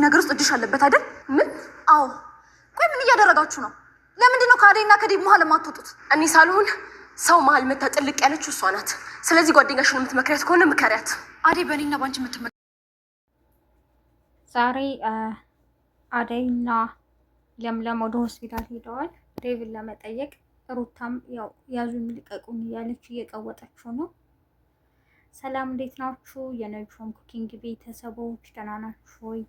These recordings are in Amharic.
በዚህ ነገር ውስጥ እጅሽ አለበት አይደል? ምን? አዎ። ቆይ ምን እያደረጋችሁ ነው? ለምንድን ነው ከአደይና ከዴብ መሀል የማትወጡት? እኔ ሳልሆን ሰው መሀል መታ ጥልቅ ያለችው እሷ ናት። ስለዚህ ጓደኛሽን የምትመክሪያት ከሆነ ምከሪያት። አደይ በእኔና በአንቺ የምትመ ዛሬ አደይና ለምለም ወደ ሆስፒታል ሄደዋል ዴቭን ለመጠየቅ። ሩታም ያው ያዙን ልቀቁን እያለች እየቀወጠችው ነው። ሰላም እንዴት ናችሁ? የነጆም ኩኪንግ ቤተሰቦች ደህና ናችሁ ወይ?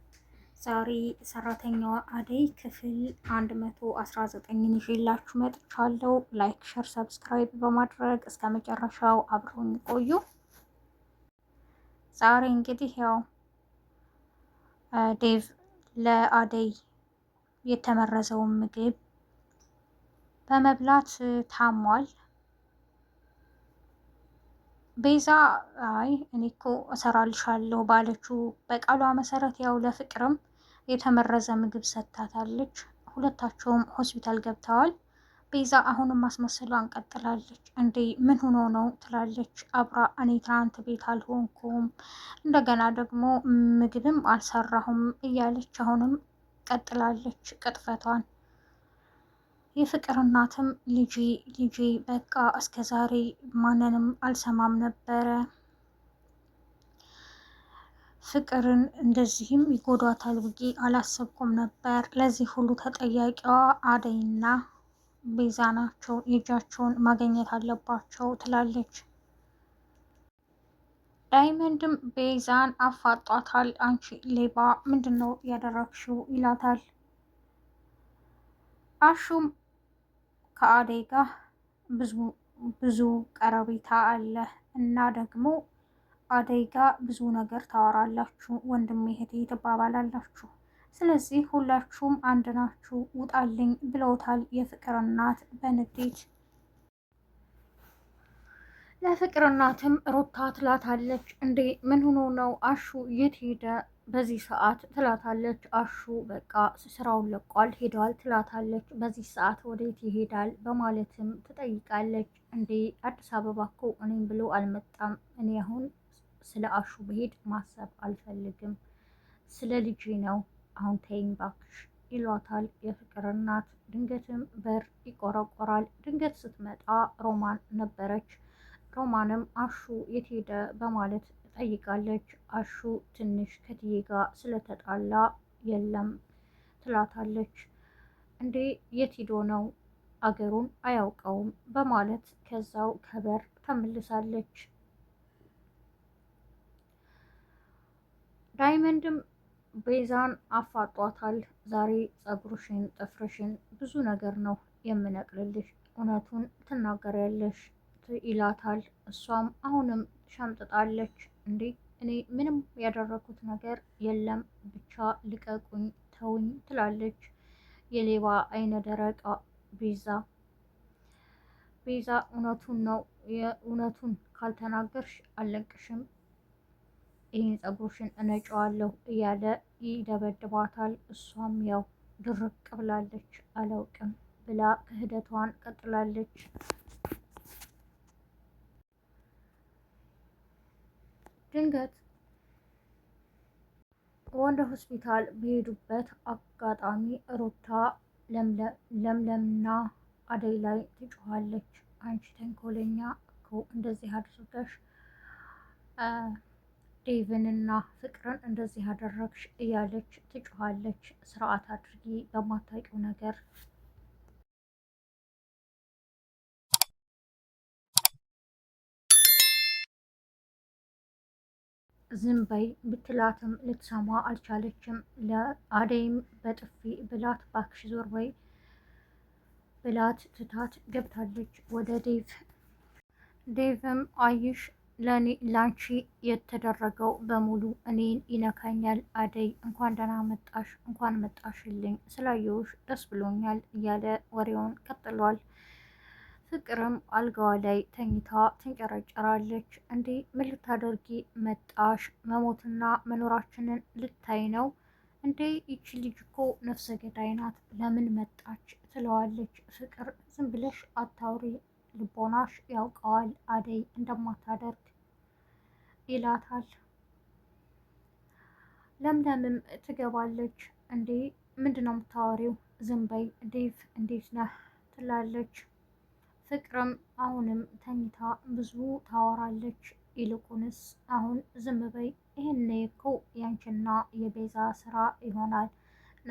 ዛሬ ሰራተኛዋ አደይ ክፍል 119ን ይዤላችሁ መጥቻለሁ። ላይክ፣ ሸር፣ ሰብስክራይብ በማድረግ እስከ መጨረሻው አብረውን ቆዩ። ዛሬ እንግዲህ ያው ዴቭ ለአደይ የተመረዘውን ምግብ በመብላት ታሟል። ቤዛ አይ እኔ እኮ እሰራልሻለሁ ባለችው በቃሏ መሰረት ያው ለፍቅርም የተመረዘ ምግብ ሰጥታታለች። ሁለታቸውም ሆስፒታል ገብተዋል። ቤዛ አሁንም ማስመሰሏን ቀጥላለች። እንዴ ምን ሆኖ ነው ትላለች አብራ። እኔ ትናንት ቤት አልሆንኩም፣ እንደገና ደግሞ ምግብም አልሰራሁም እያለች አሁንም ቀጥላለች ቅጥፈቷን። የፍቅር እናትም ልጄ ልጄ፣ በቃ እስከ ዛሬ ማንንም አልሰማም ነበረ ፍቅርን እንደዚህም ይጎዷታል ብዬ አላሰብኩም ነበር። ለዚህ ሁሉ ተጠያቂዋ አደይና ቤዛ ናቸው፣ የእጃቸውን ማግኘት አለባቸው ትላለች። ዳይመንድም ቤዛን አፋጧታል። አንቺ ሌባ ምንድን ነው ያደረግሽው? ይላታል። አሹም ከአደይ ጋር ብዙ ብዙ ቀረቤታ አለ እና ደግሞ አደይ ጋር ብዙ ነገር ታወራላችሁ፣ ወንድሜ እህቴ ትባባላላችሁ። ስለዚህ ሁላችሁም አንድ ናችሁ፣ ውጣልኝ ብለውታል የፍቅር እናት በንዴት ለፍቅር እናትም ሩታ ትላታለች። እንዴ ምን ሆኖ ነው አሹ የት ሄደ በዚህ ሰዓት ትላታለች። አሹ በቃ ስራውን ለቋል ሄደዋል ትላታለች። በዚህ ሰዓት ወዴት ይሄዳል በማለትም ትጠይቃለች። እንዴ አዲስ አበባ እኮ እኔም ብሎ አልመጣም እኔ አሁን ስለ አሹ መሄድ ማሰብ አልፈልግም፣ ስለ ልጄ ነው አሁን ተይኝ ይሏታል የፍቅር እናት። ድንገትም በር ይቆረቆራል። ድንገት ስትመጣ ሮማን ነበረች። ሮማንም አሹ የት ሄደ በማለት ትጠይቃለች። አሹ ትንሽ ከትዬ ጋር ስለተጣላ የለም ትላታለች። እንዴ የት ሄዶ ነው አገሩን አያውቀውም በማለት ከዛው ከበር ተመልሳለች። ዳይመንድም ቤዛን አፋጧታል። ዛሬ ጸጉርሽን፣ ጥፍርሽን ብዙ ነገር ነው የምነቅልልሽ፣ እውነቱን ትናገሪያለሽ ይላታል። እሷም አሁንም ሸምጥጣለች። እንዴ እኔ ምንም ያደረኩት ነገር የለም ብቻ ልቀቁኝ፣ ተውኝ ትላለች። የሌባ አይነ ደረቃ ቤዛ ቤዛ እውነቱን ነው የእውነቱን ካልተናገርሽ አለቅሽም ይህን ጸጉርሽን እነጨዋለሁ እያለ ይደበድባታል። እሷም ያው ድርቅ ብላለች፣ አላውቅም ብላ ክህደቷን ቀጥላለች። ድንገት ወንደ ሆስፒታል በሄዱበት አጋጣሚ ሩታ ለምለምና አደይ ላይ ትጮኋለች። አንቺ ተንኮለኛ እኮ እንደዚህ አድርገሽ ዴቭንና ፍቅርን እንደዚህ ያደረግሽ እያለች ትጮኋለች። ስርዓት አድርጊ በማታውቂው ነገር ዝም በይ ብትላትም ልትሰማ አልቻለችም። ለአደይም በጥፊ ብላት ባክሽ ዞር በይ ብላት ትታት ገብታለች ወደ ዴቭ። ዴቭም አይሽ ለአንቺ የተደረገው በሙሉ እኔን ይነካኛል። አደይ እንኳን ደህና መጣሽ፣ እንኳን መጣሽልኝ፣ ስላየሁሽ ደስ ብሎኛል እያለ ወሬውን ቀጥሏል። ፍቅርም አልጋዋ ላይ ተኝታ ትንጨረጨራለች። እንዴ ምን ልታደርጊ መጣሽ? መሞትና መኖራችንን ልታይ ነው እንዴ? ይቺ ልጅ እኮ ነፍሰ ገዳይ ናት፣ ለምን መጣች ትለዋለች። ፍቅር ዝም ብለሽ አታውሪ፣ ልቦናሽ ያውቀዋል አደይ እንደማታደርግ ይላታል። ለምለምም ትገባለች። እንዴ ምንድን ነው የምታወሪው? ዝም በይ ዴቭ እንዴት ነህ ትላለች። ፍቅርም አሁንም ተኝታ ብዙ ታወራለች። ይልቁንስ አሁን ዝም በይ፣ ይህን እኮ ያንቺና የቤዛ ስራ ይሆናል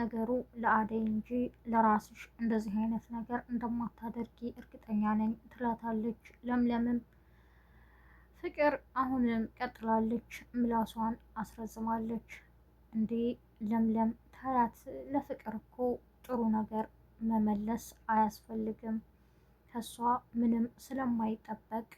ነገሩ ለአደይ እንጂ ለራስሽ እንደዚህ አይነት ነገር እንደማታደርጊ እርግጠኛ ነኝ ትላታለች። ለምለምም ፍቅር አሁንም ቀጥላለች፣ ምላሷን አስረዝማለች። እንዴ ለምለም ታያት፣ ለፍቅር እኮ ጥሩ ነገር መመለስ አያስፈልግም። ከሷ ምንም ስለማይጠበቅ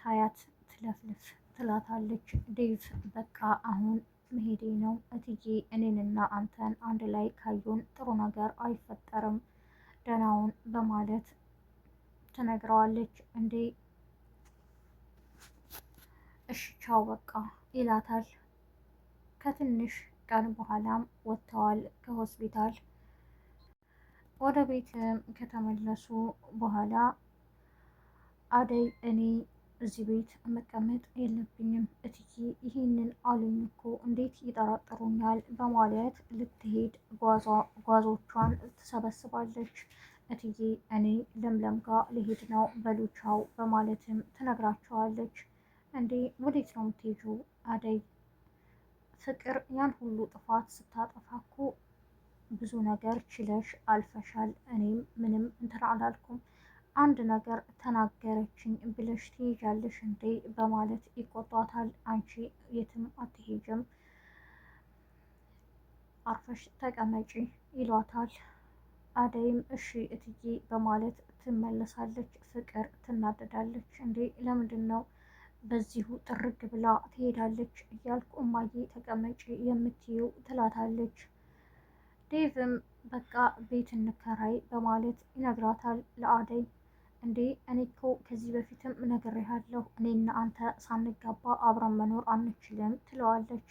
ታያት ትለፍልፍ ትላታለች። ዴቭ በቃ አሁን መሄዴ ነው እትዬ፣ እኔንና አንተን አንድ ላይ ካዩን ጥሩ ነገር አይፈጠርም፣ ደህናውን በማለት ትነግረዋለች። እንዴ እሺ ቻው በቃ ይላታል። ከትንሽ ቀን በኋላም ወጥተዋል ከሆስፒታል ወደ ቤት ከተመለሱ በኋላ አደይ እኔ እዚህ ቤት መቀመጥ የለብኝም እትዬ፣ ይህንን አሉኝ እኮ እንዴት ይጠራጠሩኛል? በማለት ልትሄድ ጓዞቿን ትሰበስባለች። እትዬ እኔ ለምለም ጋር ልሄድ ነው በሉቻው በማለትም ትነግራቸዋለች። እንዴ ወዴት ነው የምትሄጂው? አደይ ፍቅር ያን ሁሉ ጥፋት ስታጠፋ እኮ ብዙ ነገር ችለሽ አልፈሻል። እኔም ምንም እንትን አላልኩም። አንድ ነገር ተናገረችኝ ብለሽ ትሄጃለሽ እንዴ በማለት ይቆጣታል። አንቺ የትም አትሄጅም፣ አርፈሽ ተቀመጪ ይሏታል። አደይም እሺ እትዬ በማለት ትመለሳለች። ፍቅር ትናደዳለች። እንዴ ለምንድን ነው በዚሁ ጥርግ ብላ ትሄዳለች እያልኩ እማዬ ተቀመጪ የምትይው ትላታለች። ዴቭም በቃ ቤት እንከራይ በማለት ይነግራታል ለአደይ። እንዴ እኔ እኮ ከዚህ በፊትም ነግሬሃለሁ እኔና አንተ ሳንጋባ አብረን መኖር አንችልም ትለዋለች።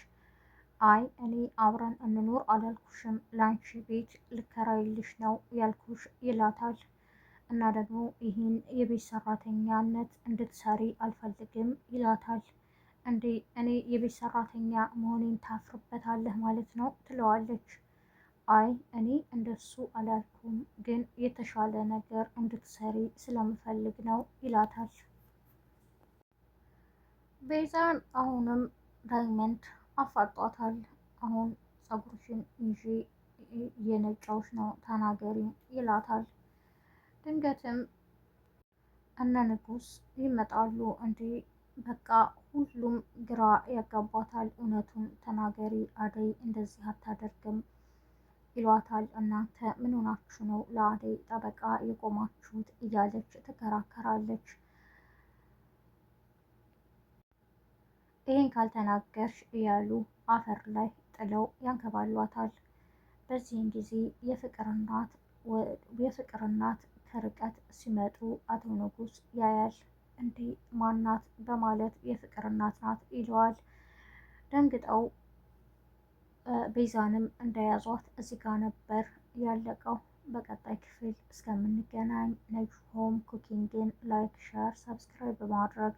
አይ እኔ አብረን እንኖር አላልኩሽም፣ ላንቺ ቤት ልከራይልሽ ነው ያልኩሽ ይላታል። እና ደግሞ ይህን የቤት ሰራተኛነት እንድትሰሪ አልፈልግም ይላታል። እንዴ እኔ የቤት ሰራተኛ መሆኔን ታፍርበታለህ ማለት ነው ትለዋለች። አይ እኔ እንደሱ አላልኩም፣ ግን የተሻለ ነገር እንድትሰሪ ስለምፈልግ ነው ይላታል። ቤዛን አሁንም ዳይመንድ አፋጧታል። አሁን ጸጉርሽን እንጂ እየነጫውሽ ነው ተናገሪ ይላታል። ድንገትም እነ ንጉስ ይመጣሉ። እንዴ በቃ ሁሉም ግራ ያጋቧታል። እውነቱን ተናገሪ አደይ እንደዚህ አታደርግም ይሏታል። እናንተ ምን ሆናችሁ ነው ለአደይ ጠበቃ የቆማችሁት? እያለች ትከራከራለች። ይህን ካልተናገርሽ እያሉ አፈር ላይ ጥለው ያንከባሏታል። በዚህም ጊዜ የፍቅር እናት ከርቀት ሲመጡ አቶ ንጉስ ያያል። እንዴ ማናት በማለት የፍቅር እናት ናት ይለዋል። ደንግጠው ቤዛንም እንደያዟት እዚህ ጋ ነበር ያለቀው። በቀጣይ ክፍል እስከምንገናኝ ነጅ ሆም ኩኪንግን ላይክ፣ ሸር፣ ሰብስክራይብ በማድረግ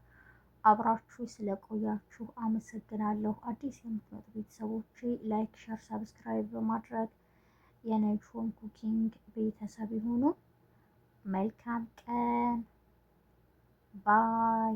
አብራችሁ ስለቆያችሁ አመሰግናለሁ። አዲስ የምትመጡ ቤተሰቦች ላይክ፣ ሸር፣ ሰብስክራይብ በማድረግ የነጅ ሆም ኩኪንግ ቤተሰብ ይሁኑ። መልካም ቀን ባይ